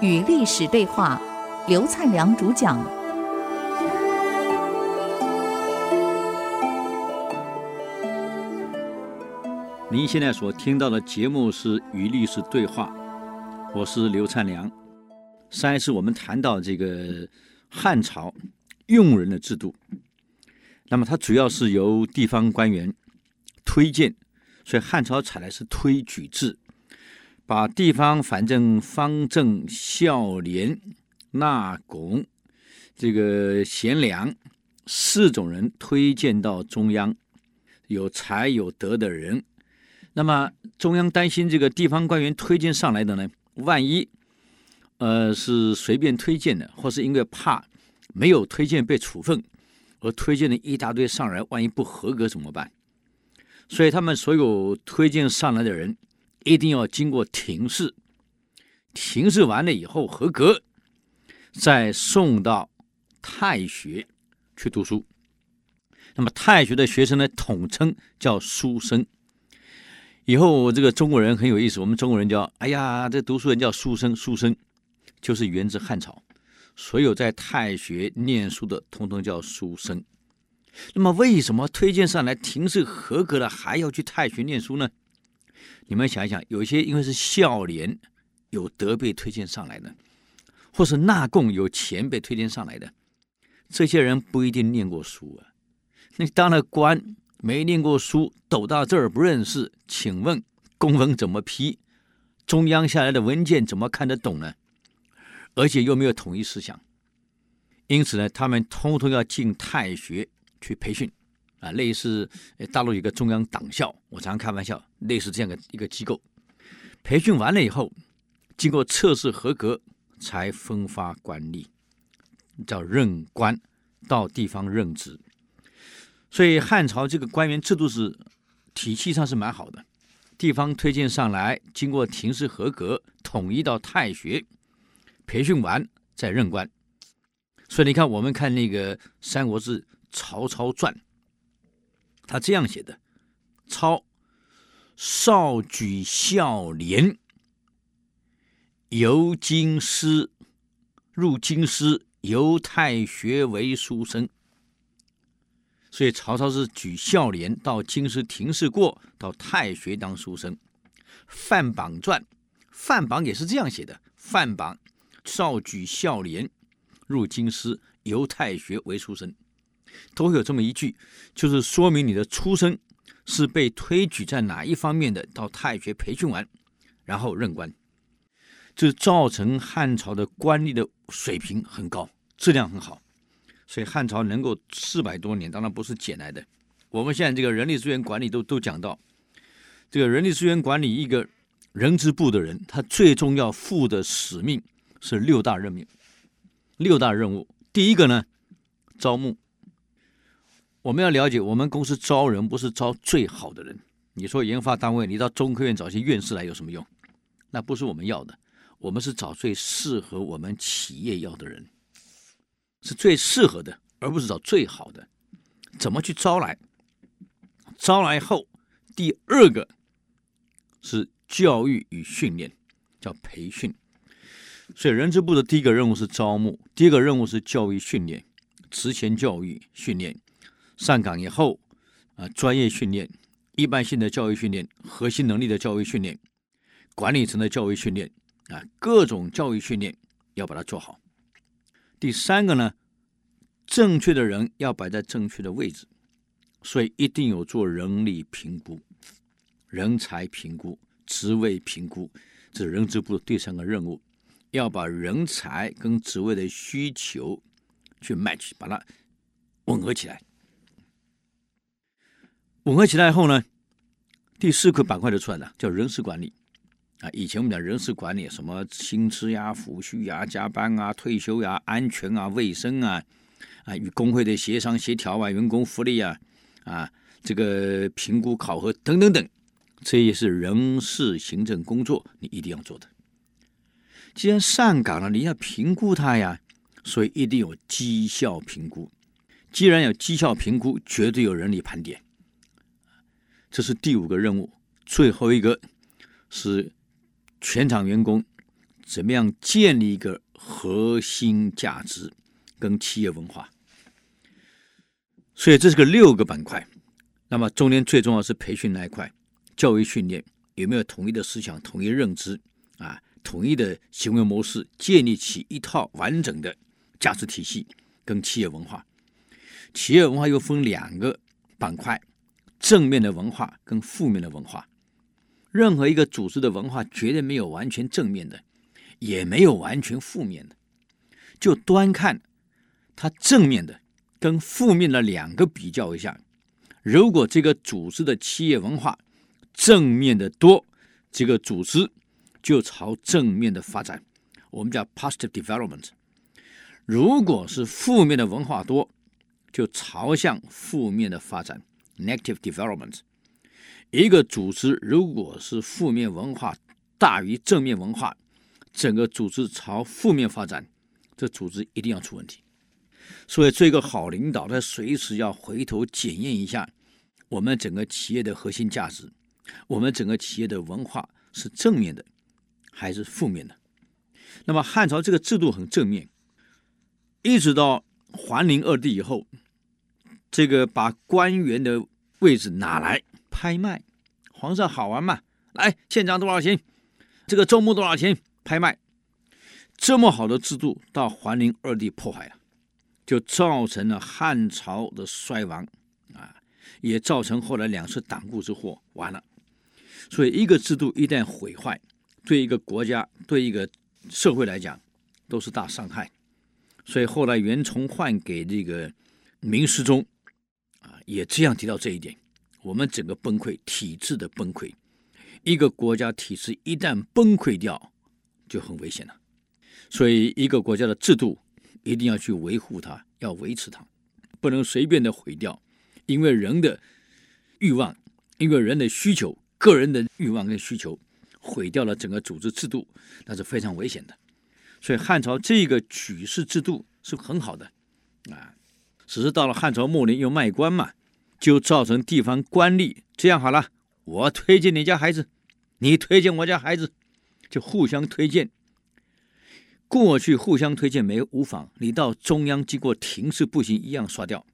與歷史對話，劉燦樑主講。您現在所聽到的節目是《與歷史對話》，我是劉燦樑。上一次我們談到這個漢朝用人的制度，那麼它主要是由地方官員推薦。所以漢朝採來是推舉制，把地方反正方正、孝廉、納貢這個賢良四種人推薦到中央，有才有德的人。那麼中央擔心這個地方官員推薦上來的呢，萬一呃是隨便推薦的，或是因為怕沒有推薦被處分，而推薦了一大堆上來，萬一不合格怎麼辦？所以他們所有推薦上來的人，一定要經過廷試，廷試完了以後合格，再送到太學去讀書。那麼太學的學生呢，統稱叫書生。以後這個中國人很有意思，我們中國人叫，哎呀，這讀書人叫書生。書生就是源自漢朝，所有在太學念書的，通通叫書生。那麼為什麼推薦上來廷試合格的還要去太學念書呢？你們想一想，有些因為是孝廉有德被推薦上來的，或是納貢有錢被推薦上來的，這些人不一定念過書啊。那當了官沒念過書，斗大字兒不認識，請問公文怎麼批？中央下來的文件怎麼看得懂呢？而且又沒有統一思想，因此呢，他們通通要進太學。去培訓，啊，類似大陸有一個中央黨校，我常開玩笑，類似這樣的一個機構。培訓完了以後，經過測試合格，才分發官吏，叫任官，到地方任職。所以漢朝這個官員制度是體系上是蠻好的，地方推薦上來，經過廷試合格，統一到太學培訓完再任官。所以你看，我們看那個《三國志》。《曹操傳》，他這樣寫的：操少舉孝廉，遊京師，入京師，遊太學為書生。所以曹操是舉孝廉到京師庭試過，到太學當書生。范滂傳，范滂也是這樣寫的：范滂少舉孝廉，入京師，遊太學為書生。都會有這麼一句，就是說明你的出身是被推舉在哪一方面的，到太學培訓完，然後任官，這造成漢朝的官吏的水平很高，質量很好，所以漢朝能夠四百多年，當然不是撿來的。我們現在這個人力資源管理都都講到，這個人力資源管理一個人資部的人，他最重要負的使命是六大任命，六大任務，第一個呢，招募。我們要了解，我們公司招人不是招最好的人。你說研發單位，你到中科院找一些院士來有什麼用？那不是我們要的。我們是找最適合我們企業要的人，是最適合的，而不是找最好的。怎麼去招來？招來後，第二個是教育與訓練，叫培訓。所以，人資部的第一個任務是招募，第二個任務是教育訓練、職前教育訓練。上崗以後，啊，專業訓練、一般性的教育訓練、核心能力的教育訓練、管理層的教育訓練，啊，各種教育訓練要把它做好。第三個呢，正確的人要擺在正確的位置，所以一定有做人力評估、人才評估、職位評估，這是人資部的第三個任務，要把人才跟職位的需求去 match，把它吻合起來。混合起來以後呢，第四個板塊就出來了，叫人事管理啊。以前我們講人事管理，什麼薪資呀、啊、撫恤呀、加班啊、退休呀、啊、安全啊、衛生啊、啊與工會的協商協調啊、員工福利啊、啊這個評估考核等等等，這也是人事行政工作你一定要做的。既然上崗了，你要評估他呀，所以一定有績效評估。既然有績效評估，絕對有人力盤點。這是第五個任務，最後一個是全場員工怎麼樣建立一個核心價值跟企業文化。所以這是個六個板塊。那麼中間最重要是培訓那一塊，教育訓練有沒有統一的思想、統一認知啊、統一的行為模式，建立起一套完整的價值體系跟企業文化。企業文化又分兩個板塊。正面的文化跟負面的文化，任何一個組織的文化絕對沒有完全正面的，也沒有完全負面的。就端看它正面的跟負面的兩個比較一下，如果這個組織的企業文化正面的多，這個組織就朝正面的發展，我們叫 positive development。如果是負面的文化多，就朝向負面的發展。Negative development。一個組織如果是負面文化大於正面文化，整個組織朝負面發展，這組織一定要出問題。所以，做一個好領導，他隨時要回頭檢驗一下，我們整個企業的核心價值，我們整個企業的文化是正面的還是負面的。那麼，漢朝這個制度很正面，一直到桓靈二帝以後。這個把官員的位置拿來拍賣，皇上好玩嗎？來，縣長多少錢？這個州牧多少錢？拍賣，這麼好的制度到桓靈二帝破壞啊，就造成了漢朝的衰亡啊，也造成後來兩次黨錮之禍，完了。所以一個制度一旦毀壞，對一個國家、對一個社會來講都是大傷害。所以後來袁崇煥給這個明世宗，啊，也這樣提到這一點，我們整個崩潰體制的崩潰，一個國家體制一旦崩潰掉，就很危險了。所以，一個國家的制度一定要去維護它，要維持它，不能隨便的毀掉。因為人的慾望，因為人的需求，個人的慾望跟需求毀掉了整個組織制度，那是非常危險的。所以，漢朝這個取士制度是很好的，啊。只是到了漢朝末年，又賣官嘛，就造成地方官吏這樣好了。我推薦你家孩子，你推薦我家孩子，就互相推薦。過去互相推薦沒無妨，你到中央經過廷試不行，一樣刷掉。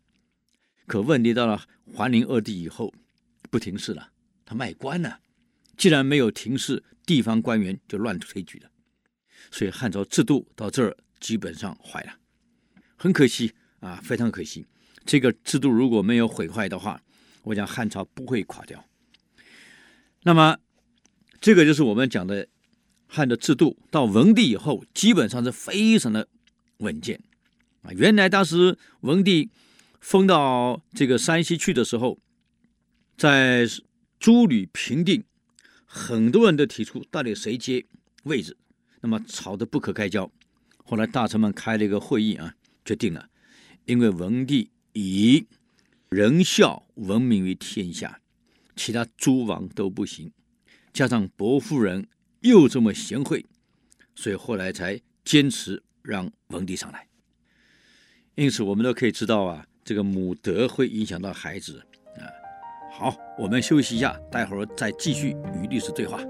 可問題到了桓靈二帝以後，不廷試了，他賣官呢、啊。既然沒有廷試，地方官員就亂推舉了。所以漢朝制度到這兒基本上壞了，很可惜。啊，非常可惜，這個制度如果沒有毀壞的話，我想漢朝不會垮掉。那麼，這個就是我們講的漢的制度，到文帝以後，基本上是非常的穩健啊。原來當時文帝封到這個山西去的時候，在諸呂平定，很多人都提出到底誰接位置，那麼吵得不可開交。後來大臣們開了一個會議啊，決定了。因為文帝以仁孝聞名於天下，其他諸王都不行。加上薄夫人又這麼賢惠，所以後來才堅持讓文帝上來。因此，我們都可以知道啊，這個母德會影響到孩子啊。好，我們休息一下，待會兒再繼續與歷史對話。